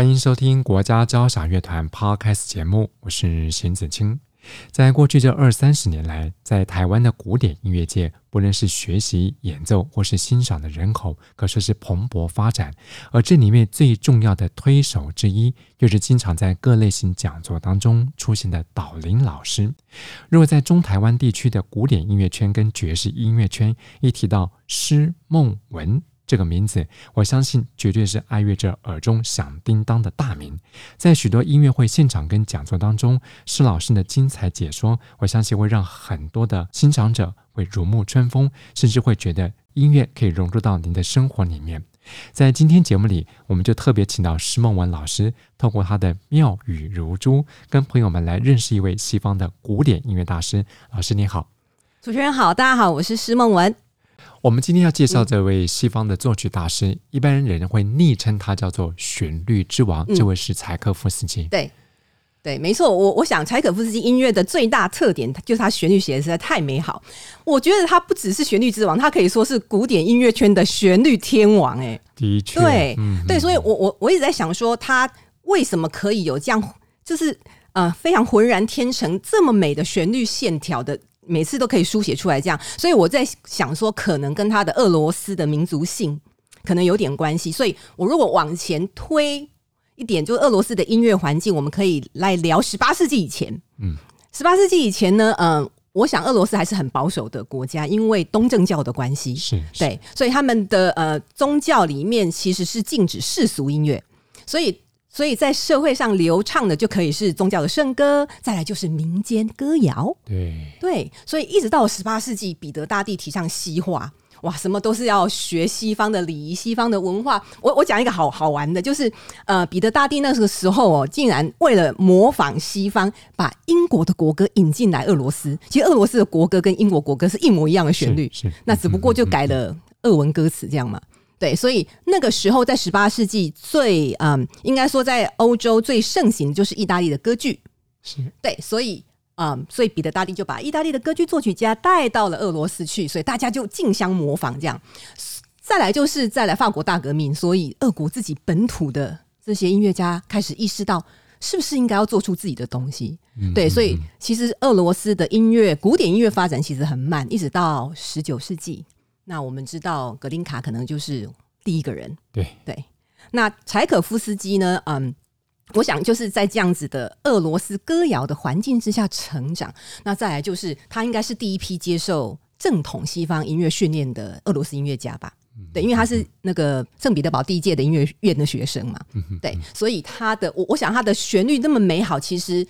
歡迎收聽國家交響樂團 Podcast 節目，我是邢子青。在過去這二三十年來，在台灣的古典音樂界，不論是學習、演奏或是欣賞的人口，可說是蓬勃發展。而這裡面最重要的推手之一，就是經常在各類型講座當中出現的導聆老師。如果在中台灣地區的古典音樂圈跟爵士音樂圈，一提到施孟玟。這個名字，我相信絕對是愛樂者耳中響叮噹的大名。在許多音樂會現場跟講座當中，施老師的精彩解說，我相信會讓很多的欣賞者會如沐春風，甚至會覺得音樂可以融入到您的生活裡面。在今天節目裡，我們就特別請到施孟玟老師，透過他的妙語如珠，跟朋友們來認識一位西方的古典音樂大師。老師你好。主持人好，大家好，我是施孟玟。我們今天要介紹這位西方的作曲大師，嗯、一般人會昵稱他叫做“旋律之王”嗯。這位是柴可夫斯基。對，對，沒錯。我我想，柴可夫斯基音樂的最大特點，就是他旋律寫的實在太美好。我覺得他不只是旋律之王，他可以說是古典音樂圈的旋律天王、欸。哎，的確，對，嗯嗯對。所以我我我一直在想，說他為什麼可以有這樣，就是呃，非常渾然天成、這麼美的旋律線條的。每次都可以書寫出來，這樣，所以我在想說，可能跟他的俄羅斯的民族性可能有點關係。所以，我如果往前推一點，就是俄羅斯的音樂環境，我們可以來聊十八世紀以前。嗯，十八世紀以前呢，嗯、呃，我想俄羅斯還是很保守的國家，因為東正教的關係，對，所以他們的呃宗教裡面其實是禁止世俗音樂，所以。所以在社會上流暢的就可以是宗教的聖歌，再來就是民間歌謠。對對，所以一直到十八世紀，彼得大帝提倡西化，哇，什麼都是要學西方的禮儀、西方的文化。我我講一個好好玩的，就是呃，彼得大帝那個時候哦，竟然為了模仿西方，把英國的國歌引進來俄羅斯。其實俄羅斯的國歌跟英國國歌是一模一樣的旋律，那只不過就改了俄文歌詞，這樣嘛。對，所以那個時候在十八世紀最嗯，應該說在歐洲最盛行的就是意大利的歌劇。是對，所以嗯，所以彼得大帝就把意大利的歌劇作曲家帶到了俄羅斯去，所以大家就競相模仿這樣。再來就是再來法國大革命，所以俄國自己本土的這些音樂家開始意識到是不是應該要做出自己的東西。嗯嗯嗯對，所以其實俄羅斯的音樂古典音樂發展其實很慢，一直到十九世紀。那我們知道格林卡可能就是第一個人，對對。那柴可夫斯基呢？嗯，我想就是在這樣子的俄羅斯歌謠的環境之下成長。那再來就是他應該是第一批接受正統西方音樂訓練的俄羅斯音樂家吧？對，因為他是那個聖彼得堡第一屆的音樂院的學生嘛。對，所以他的我我想他的旋律那麼美好，其實。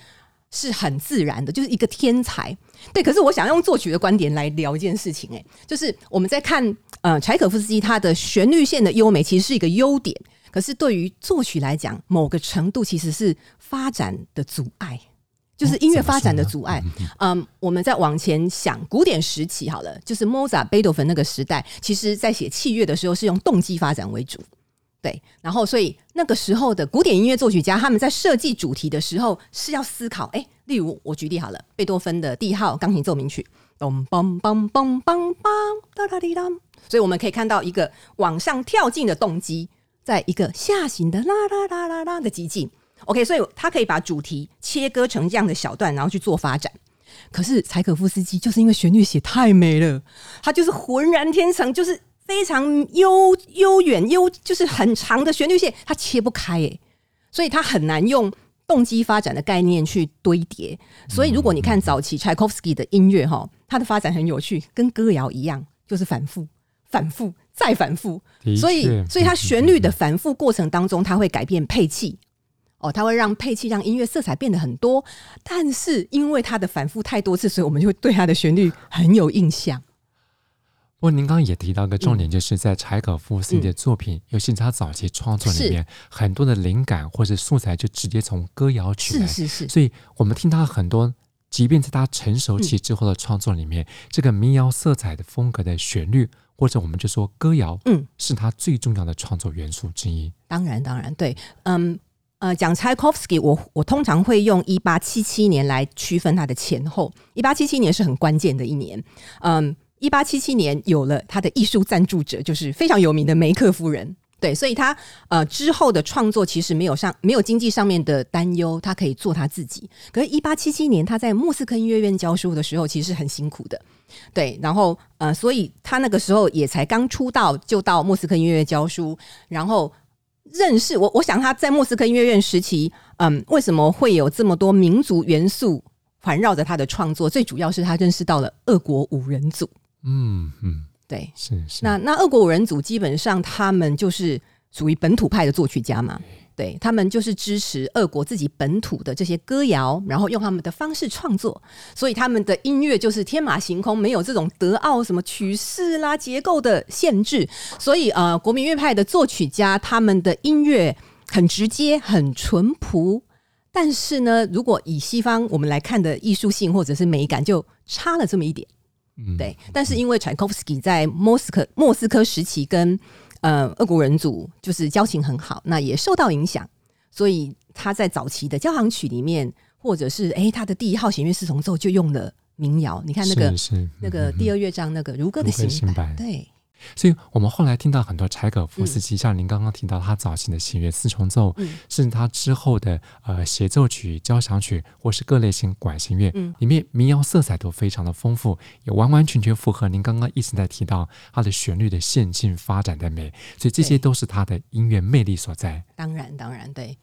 是很自然的，就是一個天才。對，可是我想用作曲的觀點來聊一件事情，欸，哎，就是我們在看呃柴可夫斯基他的旋律線的優美，其實是一個優點，可是對於作曲來講，某個程度其實是發展的阻礙，就是音樂發展的阻礙。欸、嗯，我們再往前想古典時期好了，就是莫扎，貝多芬那個時代，其實在寫器樂的時候是用動機發展為主。對，然後所以那個時候的古典音樂作曲家他們在設計主題的時候是要思考，哎，例如我舉例好了，貝多芬的第一號鋼琴奏鳴曲，咚梆梆梆梆梆，噠噠滴當，所以我們可以看到一個往上跳進的動機，在一個下行的啦啦啦啦啦的級進，OK，所以他可以把主題切割成這樣的小段，然後去做發展。可是柴可夫斯基就是因為旋律寫太美了，他就是渾然天成，就是。非常悠悠遠悠，就是很長的旋律線，它切不開耶。所以它很難用動機發展的概念去堆疊。所以如果你看早期柴科夫斯基的音樂哈，它的發展很有趣，跟歌謠一樣，就是反復、反復再反復。的確，所以，所以它旋律的反復過程當中，它會改變配器哦，它會讓配器讓音樂色彩變得很多。但是因為它的反復太多次，所以我們就會對它的旋律很有印象。不過您剛剛也提到一個重點，就是在柴科夫斯基的作品，嗯、尤其是他早期創作裡面，是很多的靈感或者素材就直接從歌謠取來。是是是。所以我們聽到很多，即便在他成熟期之後的創作裡面，嗯、這個民謠色彩的風格的旋律，或者我們就說歌謠，嗯，是他最重要的創作元素之一。當然，當然，對，嗯，呃，講柴科夫斯基，我我通常會用一八七七年來區分他的前後。一八七七年是很關鍵的一年，嗯。一八七七年有了他的藝術贊助者，就是非常有名的梅克夫人，對，所以他呃之後的創作其實沒有上沒有經濟上面的擔憂，他可以做他自己。可是，一八七七年他在莫斯科音樂院教書的時候，其實是很辛苦的，對。然後呃，所以他那個時候也才剛出道，就到莫斯科音樂院教書，然後認識我。我想他在莫斯科音樂院時期，嗯，為什麼會有這麼多民族元素環繞着他的創作？最主要是他認識到了俄國五人組。嗯嗯，嗯對，是是那。那那俄國五人組基本上他們就是屬於本土派的作曲家嘛，對，他們就是支持俄國自己本土的這些歌謠，然後用他們的方式創作，所以他們的音樂就是天馬行空，沒有這種德奧什麼曲式啦、結構的限制。所以呃，國民樂派的作曲家，他們的音樂很直接、很淳樸，但是呢，如果以西方我們來看的藝術性或者是美感，就差了這麼一點。嗯、對，但是因為柴科夫斯基在莫斯科，莫斯科時期跟呃俄國人組就是交情很好，那也受到影響，所以他在早期的交響曲裡面，或者是誒他的第一號絃樂四重奏就用了民謠，你看那個是是那個第二樂章那個如歌的行板，嗯、行對。所以我們後來聽到很多柴科夫斯基，嗯、像您剛剛提到他早期的弦樂四重奏，甚至、嗯、他之後的呃協奏曲、交響曲，或是各類型管弦樂，嗯、裡面民謠色彩都非常的豐富，也完完全全符合您剛剛一直在提到他的旋律的線性發展的美，所以這些都是他的音樂魅力所在。當然，當然，對。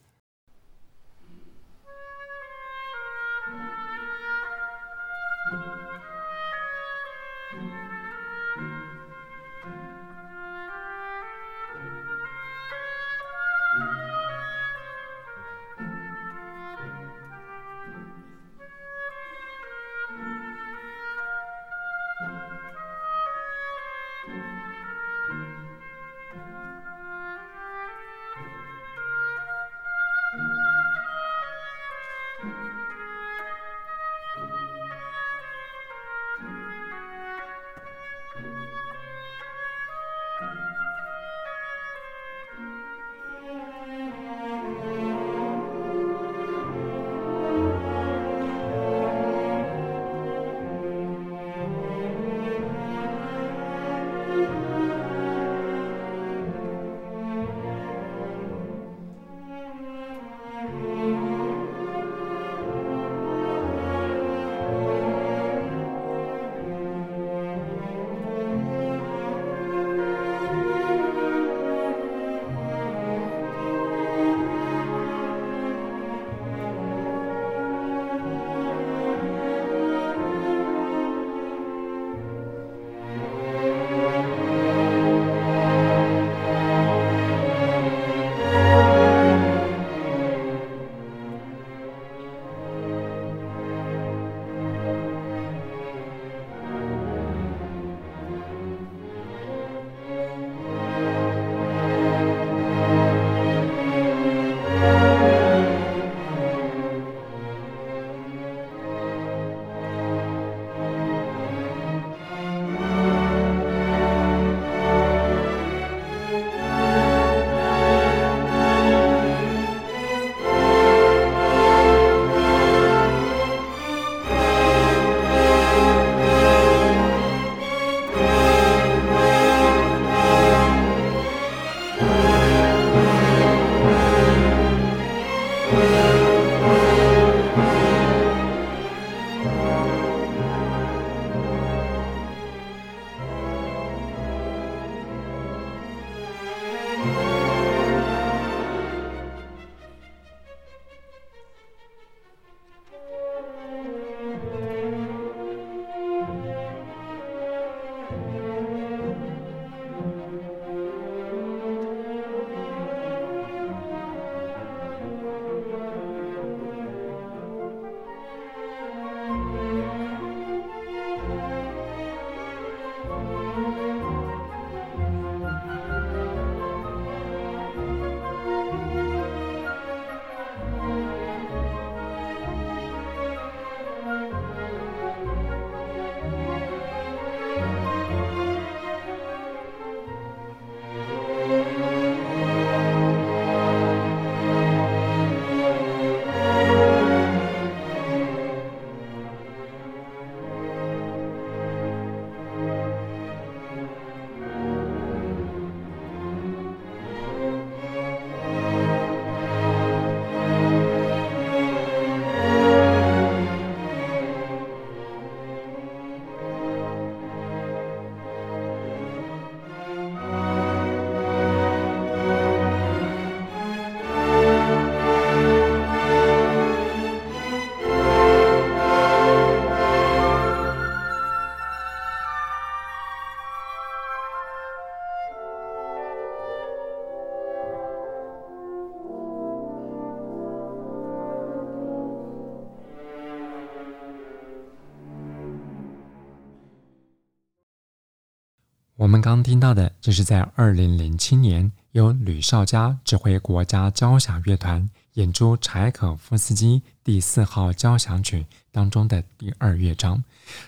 聽到的，就是在二零零七年由呂紹嘉指揮，國家交響樂團演出，柴可夫斯基第四號交響曲當中的第二樂章。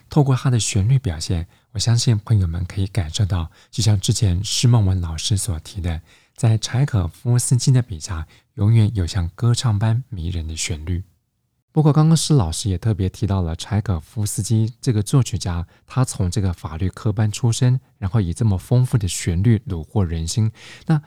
透過他的旋律表現，我相信朋友們可以感受到，就像之前施孟玟老師所提的，在柴可夫斯基的筆下，永遠有像歌唱般迷人的旋律。不過，剛剛施老師也特別提到了柴可夫斯基這個作曲家，他從這個法律科班出身，然後以這麼豐富的旋律擄獲人心。那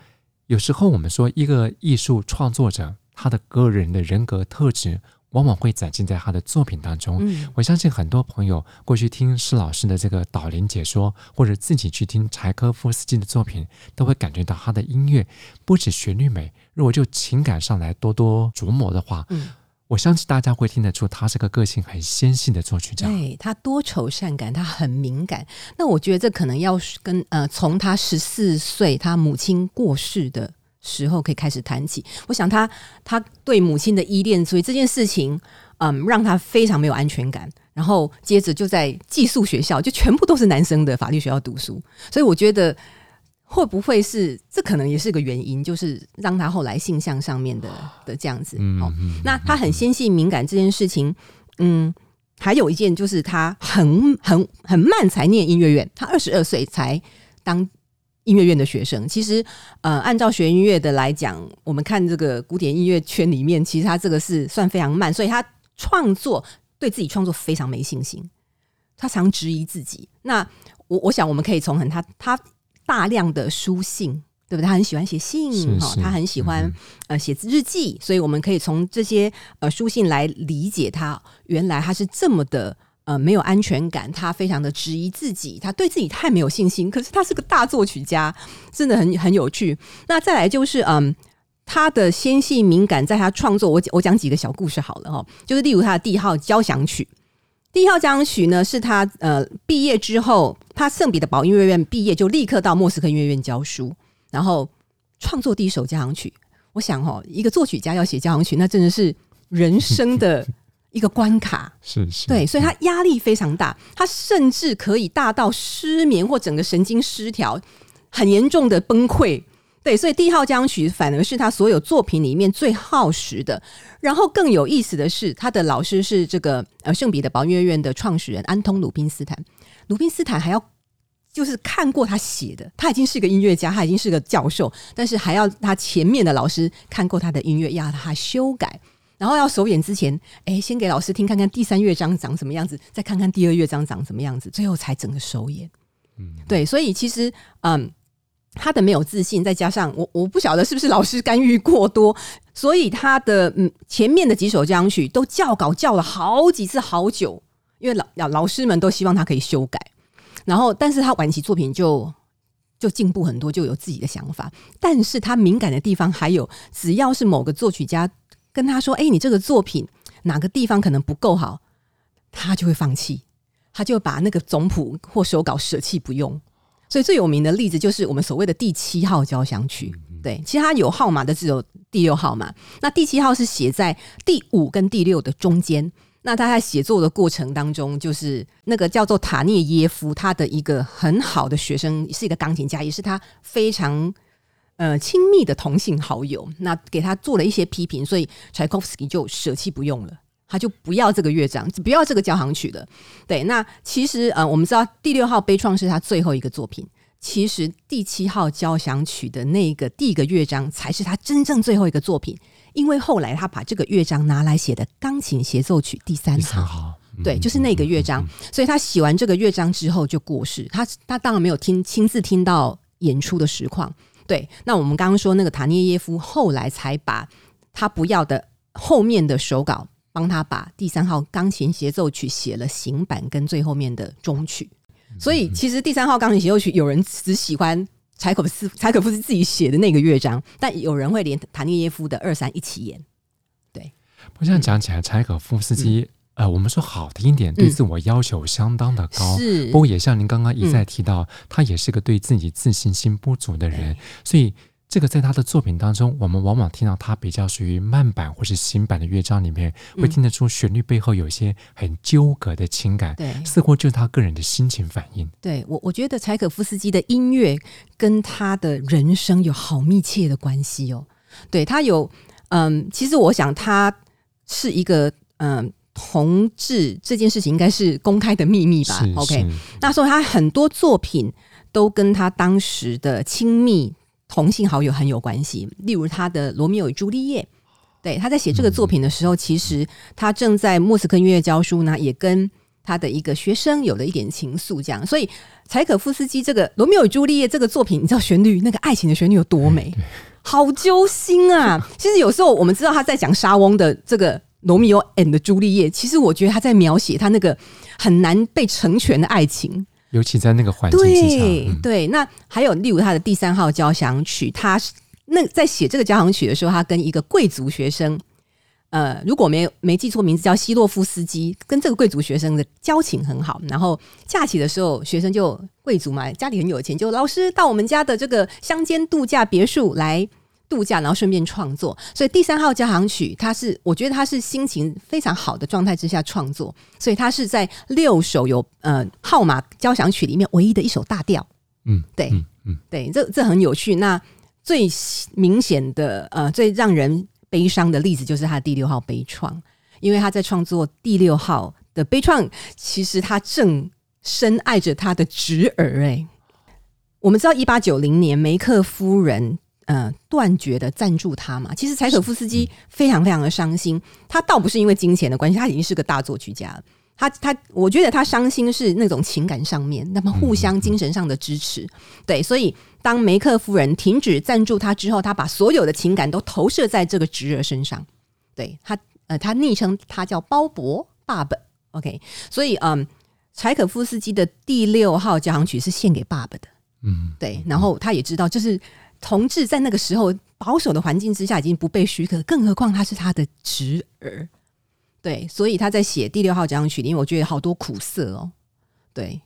有時候我們說，一個藝術創作者，他的個人的人格特質，往往會展現在他的作品當中。嗯，我相信很多朋友過去聽施老師的這個導聆解說，或者自己去聽柴可夫斯基的作品，都會感覺到他的音樂不止旋律美，如果就情感上來多多琢磨的話，嗯我相信大家會聽得出，他是個個性很纖細的作曲家。對，哎，他多愁善感，他很敏感。那我覺得這可能要是跟呃，從他十四歲他母親過世的時候可以開始談起。我想他他對母親的依戀，所以這件事情嗯，讓他非常沒有安全感。然後接着就在寄宿學校，就全部都是男生的法律學校讀書。所以我覺得。會不會是這可能也是個原因，就是讓他後來性向上面的的這樣子。哦，那他很纖細敏感這件事情，嗯，還有一件就是他很很很慢才念音樂院，他二十二歲才當音樂院的學生。其實，呃，按照學音樂的來講，我們看這個古典音樂圈裡面，其實他這個是算非常慢，所以他創作對自己創作非常沒信心，他常質疑自己。那我我想我們可以從很他他。他大量的書信，對不對？他很喜歡寫信哈、是、哦，他很喜歡嗯嗯呃寫日記，所以我們可以從這些呃書信來理解他。原來他是這麼的呃沒有安全感，他非常的質疑自己，他對自己太沒有信心。可是他是個大作曲家，真的很很有趣。那再來就是嗯、呃，他的纖細敏感，在他創作，我我講幾個小故事好了哈、哦，就是例如他的第一號交響曲。第一套交響曲呢，是他呃畢業之後，他聖彼得堡音樂院畢業就立刻到莫斯科音樂院教書，然後創作第一首交響曲。我想哦，一個作曲家要寫交響曲，那真的是人生的一個關卡，是是，對，所以他壓力非常大，他甚至可以大到失眠或整個神經失調，很嚴重的崩潰。對，所以《第一號交響曲》反而是他所有作品裡面最耗時的。然後更有意思的是，他的老師是這個呃聖彼得堡音樂院的創始人安通·魯賓斯坦。魯賓斯坦還要就是看過他寫的，他已經是個音樂家，他已經是個教授，但是還要他前面的老師看過他的音樂，要他修改。然後要首演之前，哎、欸，先給老師聽看看第三樂章長什麼樣子，再看看第二樂章長什麼樣子，最後才整個首演。嗯，對，所以其實嗯。他的沒有自信，再加上我我不曉得是不是老師干預過多，所以他的嗯前面的幾首交響曲都校稿校了好幾次好久，因為老老老師們都希望他可以修改。然後，但是他晚期作品就就進步很多，就有自己的想法。但是他敏感的地方還有，只要是某個作曲家跟他說：“哎、欸，你這個作品哪個地方可能不夠好？”他就會放棄，他就會把那個總譜或手稿捨棄不用。所以最有名的例子就是我們所謂的第七號交響曲，對，其他有號碼的只有第六號碼。那第七號是寫在第五跟第六的中間。那他在寫作的過程當中，就是那個叫做塔涅耶夫，他的一個很好的學生，是一個鋼琴家，也是他非常呃親密的同性好友。那給他做了一些批評，所以柴科夫斯基就舍棄不用了。他就不要這個樂章，就不要這個交響曲的。對，那其實呃，我們知道第六號悲愴是他最後一個作品。其實第七號交響曲的那個第一個樂章才是他真正最後一個作品，因為後來他把這個樂章拿來寫的鋼琴協奏曲第三號。嗯、對，就是那個樂章。嗯嗯嗯嗯、所以他寫完這個樂章之後就過世。他他當然沒有聽親自聽到演出的實況。對，那我們剛剛說那個塔涅耶夫後來才把他不要的後面的手稿。幫他把第三號鋼琴協奏曲寫了行板跟最後面的終曲，所以其實第三號鋼琴協奏曲有人只喜歡柴可夫柴可夫斯基自己寫的那個樂章，但有人會連塔涅耶夫的二三一起演。對，不過這樣講起來，柴可夫斯基、嗯、呃，我們說好聽一點，嗯、對自我要求相當的高，是不過也像您剛剛一再提到，嗯、他也是個對自己自信心不足的人，對所以。這個在他的作品當中，我們往往聽到他比較屬於慢板或是行板的樂章裡面，嗯、會聽得出旋律背後有一些很糾葛的情感，對，似乎就是他個人的心情反應。對，我我覺得柴科夫斯基的音樂跟他的人生有好密切的關係哦。對他有，嗯、呃，其實我想他是一個，嗯、呃，同志這件事情應該是公開的秘密吧？是是。OK，那所以他很多作品都跟他當時的親密。同性好友很有關係，例如他的《羅密歐與朱麗葉》，對，他在寫這個作品的時候，嗯、其實他正在莫斯科音樂教書呢，也跟他的一個學生有了一點情愫，這樣。所以柴可夫斯基這個《羅密歐與朱麗葉》這個作品，你知道旋律那個愛情的旋律有多美，好揪心啊！其實有時候我們知道他在講莎翁的這個《羅密歐 and 朱麗葉》，其實我覺得他在描寫他那個很難被成全的愛情。尤其在那個環境之下，對、嗯、對，那還有例如他的第三號交響曲，他那在寫這個交響曲的時候，他跟一個貴族學生，呃，如果沒有沒記錯名字，叫希洛夫斯基，跟這個貴族學生的交情很好。然後假期的時候，學生就貴族嘛，家裡很有錢，就老師到我們家的這個鄉間度假別墅來。度假，然後順便創作，所以第三號交響曲，他是我覺得他是心情非常好的狀態之下創作，所以他是在六首有呃號碼交響曲裡面唯一的一首大調。嗯，對，嗯，嗯，對，嗯，對，這這很有趣。那最明顯的呃最讓人悲傷的例子就是他第六號悲愴，因為他在創作第六號的悲愴，其實他正深愛着他的侄兒哎，欸，我們知道一八九零年梅克夫人。嗯，斷、呃、絕的贊助他嘛，其實柴可夫斯基非常非常的傷心。嗯、他倒不是因為金錢的關係，他已經是個大作曲家了。他他，我覺得他傷心是那種情感上面，那麼互相精神上的支持。嗯嗯、對，所以當梅克夫人停止贊助他之後，他把所有的情感都投射在這個侄兒身上。對他，呃，他昵稱他叫鮑勃爸爸。OK，所以嗯，柴可夫斯基的第六號交響曲是獻給爸爸的。嗯，對。然後他也知道，就是。同志在那個時候保守的環境之下已經不被許可，更何況他是他的侄兒，對，所以他在寫第六號交響曲，因為我覺得好多苦澀哦，對。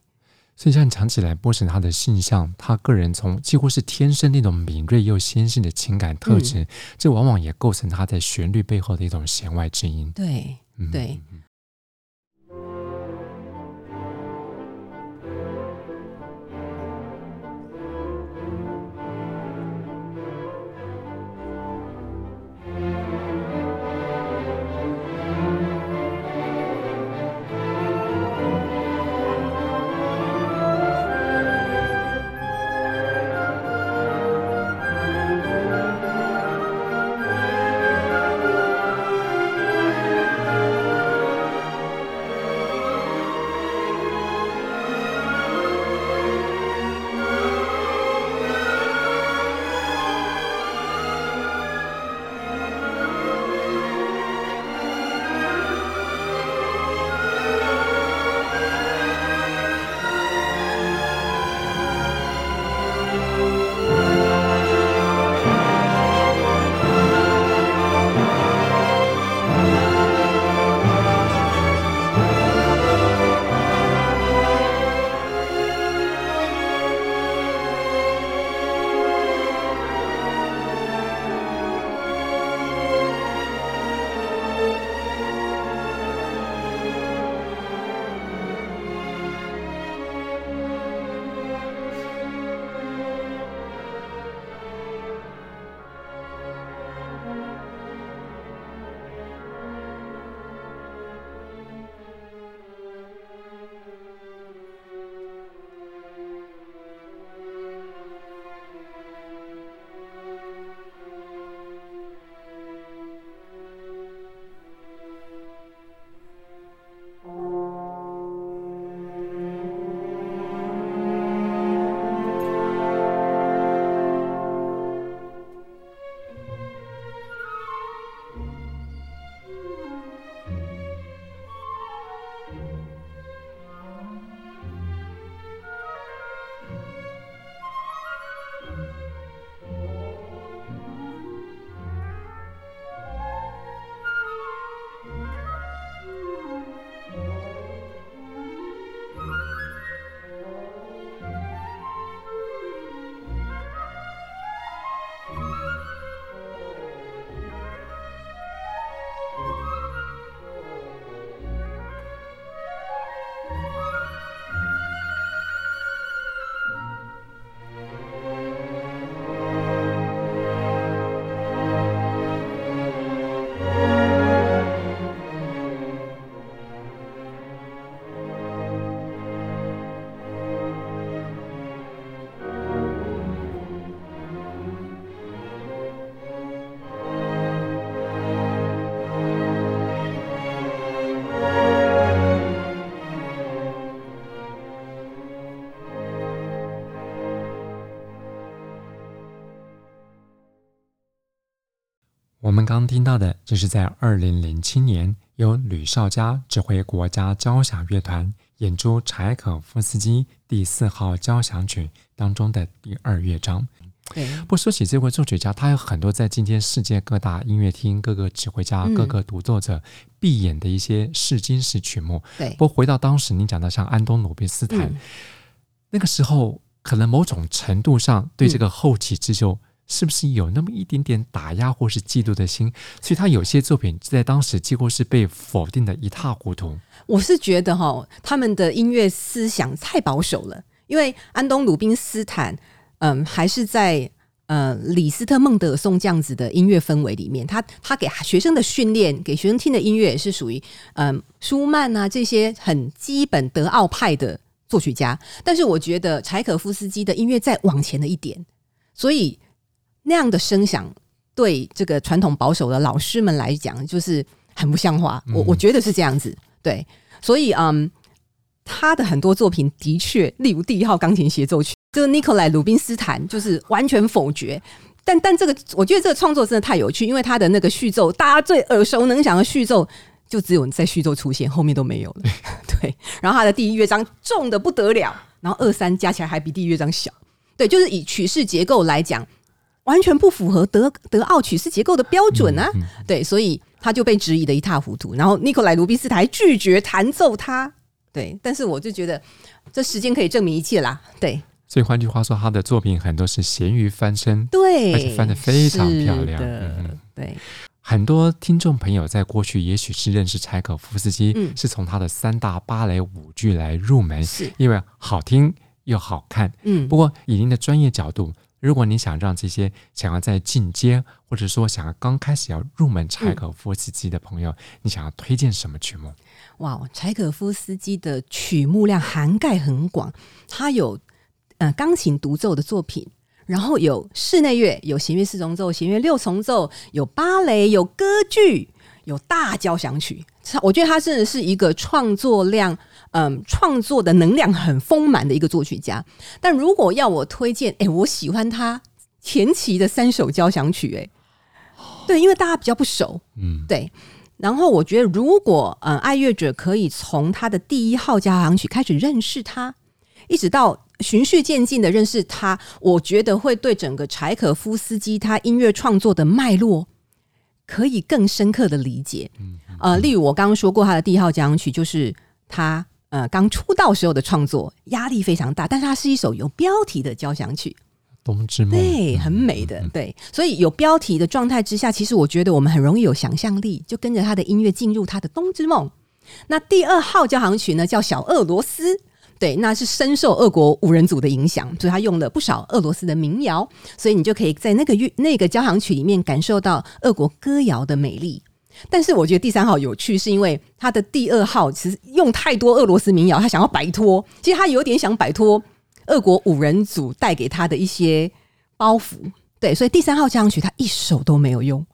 所以像講起來，波神他的性向，他個人從幾乎是天生那種敏銳又纖細的情感特質，這、嗯、往往也構成他在旋律背後的一種弦外之音。對，嗯、對。聽到的，這是在二零零七年由呂紹嘉指揮國家交響樂團演出柴可夫斯基第四號交響曲當中的第二樂章。對不過說起這位作曲家，他有很多在今天世界各大音樂廳、各個指揮家、嗯、各個獨奏者必演的一些試金石曲目。對不過回到當時，你講的像安東魯賓斯坦，嗯、那個時候可能某種程度上對這個後起之秀。嗯是不是有那麼一點點打壓或是嫉妒的心？所以他有些作品在當時幾乎是被否定的一塌糊塗。我是覺得哈，他們的音樂思想太保守了，因為安東魯賓斯坦，嗯，還是在呃李斯特、孟德爾頌這樣子的音樂氛圍裡面，他他給學生的訓練、給學生聽的音樂也是屬於嗯舒曼啊這些很基本德奧派的作曲家。但是我覺得柴可夫斯基的音樂再往前了一點，所以。那樣的聲響對這個傳統保守的老師們來講，就是很不像話。嗯、我我覺得是這樣子，對。所以，嗯，他的很多作品的確，例如第一號鋼琴協奏曲，就是尼科萊魯賓斯坦，就是完全否決。但但這個，我覺得這個創作真的太有趣，因為他的那個序奏，大家最耳熟能詳的序奏，就只有在序奏出現，後面都沒有了。對。然後他的第一樂章重得不得了，然後二三加起來還比第一樂章小。對，就是以曲式結構來講。完全不符合德德奧曲式結構的標準，啊，嗯嗯、對，所以他就被質疑的一塌糊塗。然後，尼克萊盧比斯還拒絕彈奏他。對，但是我就覺得這時間可以證明一切啦。對，所以換句話說，他的作品很多是鹹魚翻身，對，而且翻得非常漂亮。的嗯、對，很多聽眾朋友在過去也許是認識柴可夫斯基，嗯、是從他的三大芭蕾舞劇來入門，是，因為好聽又好看。嗯，不過以您的專業角度，如果你想讓這些想要在進階，或者說想要剛開始要入門柴可夫斯基的朋友，嗯、你想要推薦什麼曲目？哇，wow, 柴可夫斯基的曲目量涵蓋很廣，他有呃鋼琴獨奏的作品，然後有室內樂，有絃樂四重奏、絃樂六重奏，有芭蕾，有歌劇，有大交響曲。我覺得他真的是一個創作量，嗯，創作的能量很豐滿的一個作曲家。但如果要我推薦，哎、欸，我喜歡他前期的三首交響曲，欸，哎，對，因為大家比較不熟，嗯，對。然後我覺得，如果呃、嗯，愛樂者可以從他的第一號交響曲開始認識他，一直到循序漸進的認識他，我覺得會對整個柴可夫斯基他音樂創作的脈絡可以更深刻的理解。嗯，嗯，嗯，呃，例如我剛剛說過他的第一號交響曲，就是他。呃，剛出道時候的創作壓力非常大，但是它是一首有標題的交響曲，《冬之夢》，對，很美的，對，所以有標題的狀態之下，嗯嗯，其實我覺得我們很容易有想象力，就跟着他的音樂進入他的《冬之夢》。那第二號交響曲呢，叫《小俄羅斯》，對，那是深受俄國五人組的影響，所以他用了不少俄羅斯的民謠，所以你就可以在那個樂那個交響曲裡面感受到俄國歌謠的美麗。但是我覺得第三號有趣，是因為他的第二號其實用太多俄羅斯民謠，他想要擺脫，其實他有點想擺脫俄國五人組帶給他的一些包袱，對，所以第三號交響曲他一首都沒有用，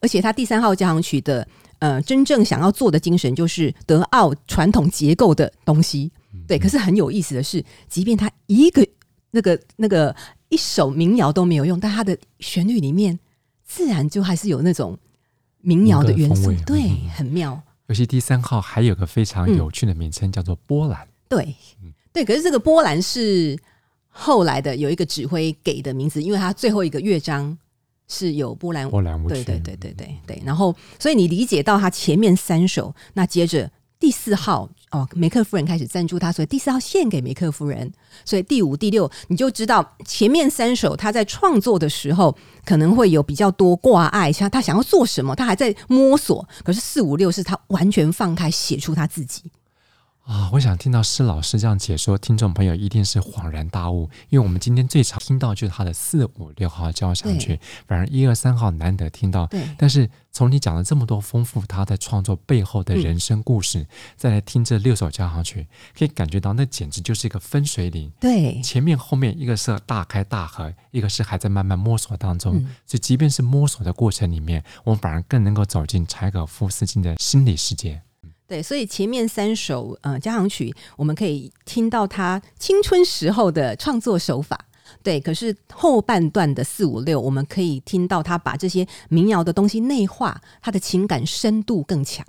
而且他第三號交響曲的呃真正想要做的精神就是德奧傳統結構的東西，對。可是很有意思的是，即便他一個那個那個一首民謠都沒有用，但他的旋律裡面自然就還是有那種。民謠的元素，對，嗯、很妙。尤其第三號還有個非常有趣的名稱，叫做《波蘭》嗯。對，對，可是這個波蘭是後來的有一個指揮給的名字，因為它最後一個樂章是有波蘭，波蘭舞曲。對，對，對，對，對，對，對。然後，所以你理解到它前面三首，那接着第四號。嗯哦，梅克夫人開始贊助他，所以第四號獻給梅克夫人，所以第五、第六，你就知道前面三首他在創作的時候，可能會有比較多掛礙，像他想要做什麼，他還在摸索。可是四五六是他完全放開寫出他自己。啊，我想聽到施老師這樣解說，聽眾朋友一定是恍然大悟，因為我們今天最常聽到就是他的四五六號交響曲，對反而一二三號難得聽到。對但是從你講了這麼多豐富他在創作背後的人生故事，嗯、再來聽這六首交響曲，可以感覺到那簡直就是一個分水嶺。對，前面後面一個是大開大合，一個是還在慢慢摸索當中。嗯、所以，即便是摸索的過程裡面，我們反而更能夠走進柴科夫斯基的心理世界。對，所以前面三首呃、交響曲，我們可以聽到他青春時候的創作手法。對，可是後半段的四五六，我們可以聽到他把這些民謠的東西內化，他的情感深度更強。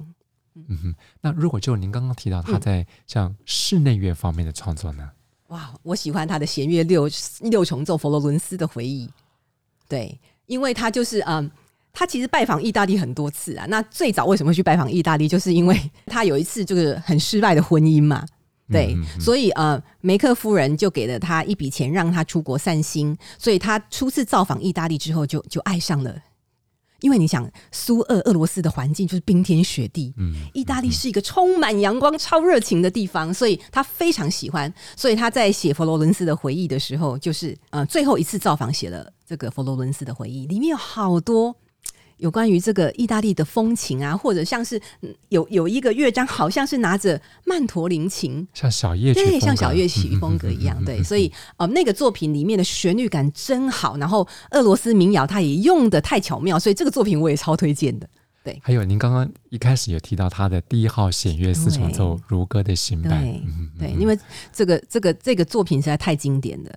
嗯哼，那如果就您剛剛提到他在像室內樂方面的創作呢？嗯、哇，我喜歡他的弦樂六六重奏《佛羅倫斯的回憶》。對，因為他就是嗯。他其實拜訪意大利很多次啊。那最早為什麼去拜訪意大利？就是因為他有一次就是很失敗的婚姻嘛。對，嗯嗯嗯。所以呃，梅克夫人就給了他一筆錢，讓他出國散心。所以他初次造訪意大利之後就，就就愛上了。因為你想，蘇俄俄羅斯的環境就是冰天雪地，嗯，嗯，嗯，意大利是一個充滿陽光、超熱情的地方，所以他非常喜歡。所以他在寫佛羅倫斯的回憶的時候，就是呃，最後一次造訪，寫了這個佛羅倫斯的回憶，裡面有好多。有關於這個意大利的風情啊，或者像是有有一個樂章，好像是拿着曼陀林琴，像小夜曲，對，像小夜曲風格一樣。嗯嗯嗯嗯嗯、對，所以啊、呃，那個作品裡面的旋律感真好。然後俄羅斯民謠，它也用得太巧妙，所以這個作品我也超推薦的。對，還有您剛剛一開始有提到他的第一號弦樂四重奏《如歌的行板》，對，因為這個這個這個作品實在太經典了，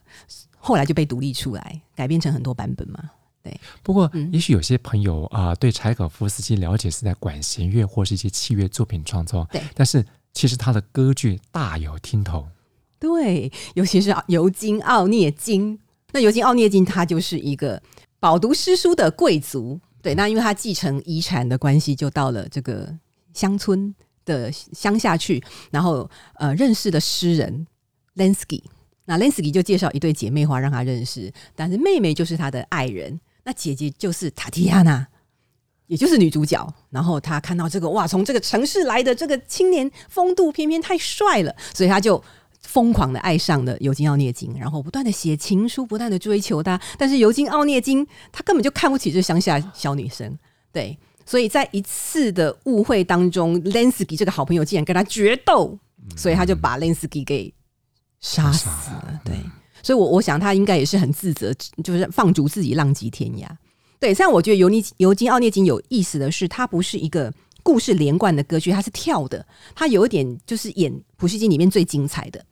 後來就被獨立出來，改編成很多版本嘛。對，嗯、不過也許有些朋友啊、呃，對柴可夫斯基了解，是在管弦樂或是一些器樂作品創作，對，但是其實他的歌劇大有聽頭，對，尤其是尤金·奧涅金。那尤金·奧涅金他就是一個飽讀詩書的貴族，嗯、對，那因為他繼承遺產的關係，就到了這個鄉村的鄉下去，然後呃認識的詩人 Lensky，那 Lensky 就介紹一對姐妹花讓他認識，但是妹妹就是他的愛人。那姐姐就是塔提亞娜，也就是女主角。然後她看到這個哇，從這個城市來的這個青年風度翩翩，太帥了，所以她就瘋狂的愛上了尤金奧涅金，然後不斷的寫情書，不斷的追求他。但是尤金奧涅金他根本就看不起這鄉下小女生，對。所以在一次的誤會當中，Lensky 這個好朋友竟然跟他決鬥，所以他就把 Lensky 給殺死了，嗯、對。所以我，我我想他應該也是很自責，就是放逐自己，浪跡天涯。對，但我覺得尤尼尤金·奧涅金有意思的是，它不是一個故事連貫的歌劇，他是跳的。他有一點就是演普希金裡面最精彩的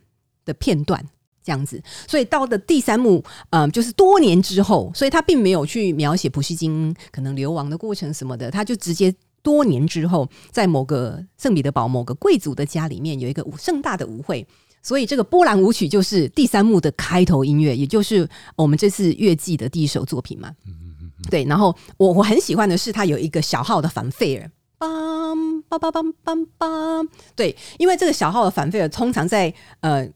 的片段這樣子。所以到的第三幕，嗯、呃，就是多年之後，所以他並沒有去描寫普希金可能流亡的過程什麼的，他就直接多年之後，在某個聖彼得堡某個貴族的家裡面，有一個盛大的舞會。所以這個波蘭舞曲就是第三幕的開頭音樂，也就是我們這次樂季的第一首作品嘛。嗯嗯嗯。嗯嗯對，然後我我很喜歡的是它有一個小號的反費爾，梆梆梆梆梆梆。對，因為這個小號的反費爾通常在呃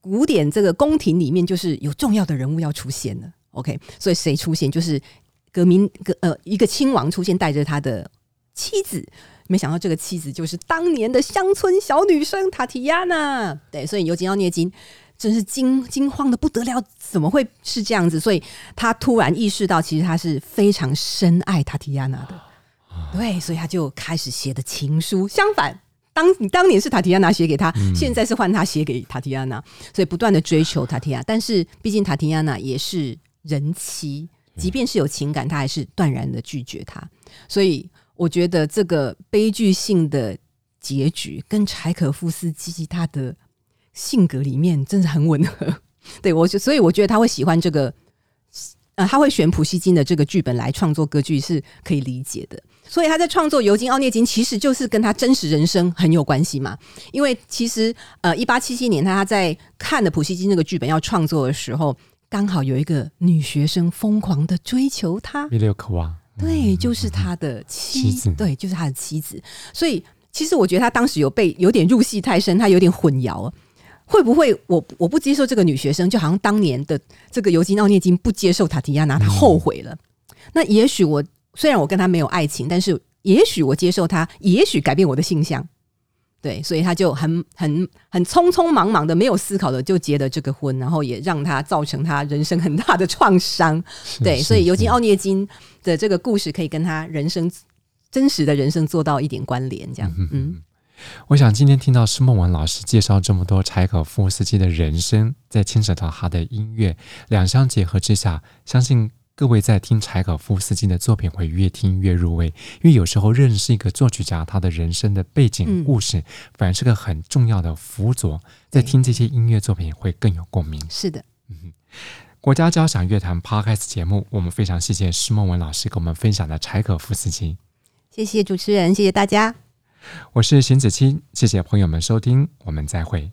古典這個宮廷裡面就是有重要的人物要出現的 OK，所以誰出現就是革命呃一個親王出現帶着他的。妻子，沒想到這個妻子就是當年的鄉村小女生塔提亞娜，對，所以尤金奧涅金，真是驚驚慌的不得了，怎麼會是這樣子？所以他突然意識到，其實他是非常深愛塔提亞娜的，對，所以他就開始寫的情書。相反，當當年是塔提亞娜寫給他，現在是換他寫給塔提亞娜，所以不斷的追求塔提亞。但是，畢竟塔提亞娜也是人妻，即便是有情感，他還是斷然的拒絕他，所以。我覺得這個悲劇性的結局跟柴可夫斯基，他的性格裡面真的很吻合。對我就，所以我覺得他會喜歡這個，呃，他會選普希金的這個劇本來創作歌劇是可以理解的。所以他在創作《尤金·奧涅金》其實就是跟他真實人生很有關係嘛。因為其實，呃，一八七七年他，他在看了普希金這個劇本要創作的時候，剛好有一個女學生瘋狂的追求他。對，就是他的妻子，嗯、妻子對，就是他的妻子。所以，其實我覺得他當時有被有點入戲太深，他有點混淆，會不會我我不接受這個女學生，就好像當年的這個尤金奧涅金不接受塔提亞娜，他後悔了。嗯、那也許我雖然我跟他沒有愛情，但是也許我接受他，也許改變我的性向。對，所以他就很很很匆匆忙忙的，沒有思考的就結了這個婚，然後也讓他造成他人生很大的創傷。是對，是所以尤金·奧涅金的這個故事可以跟他人生、嗯、真實的人生做到一點關聯。這樣，嗯，我想今天聽到施孟玟老師介紹這麼多柴可夫斯基的人生，在牽扯到他的音樂兩相結合之下，相信。各位在聽柴可夫斯基的作品，會越聽越入味，因為有時候認識一個作曲家，他的人生的背景、嗯、故事，反而是個很重要的輔佐，對在聽這些音樂作品會更有共鳴。是的、嗯，國家交響樂團 Podcast 節目，我們非常謝謝施孟玟老師給我們分享的柴可夫斯基。謝謝主持人，謝謝大家，我是邢子清，謝謝朋友們收聽，我們再會。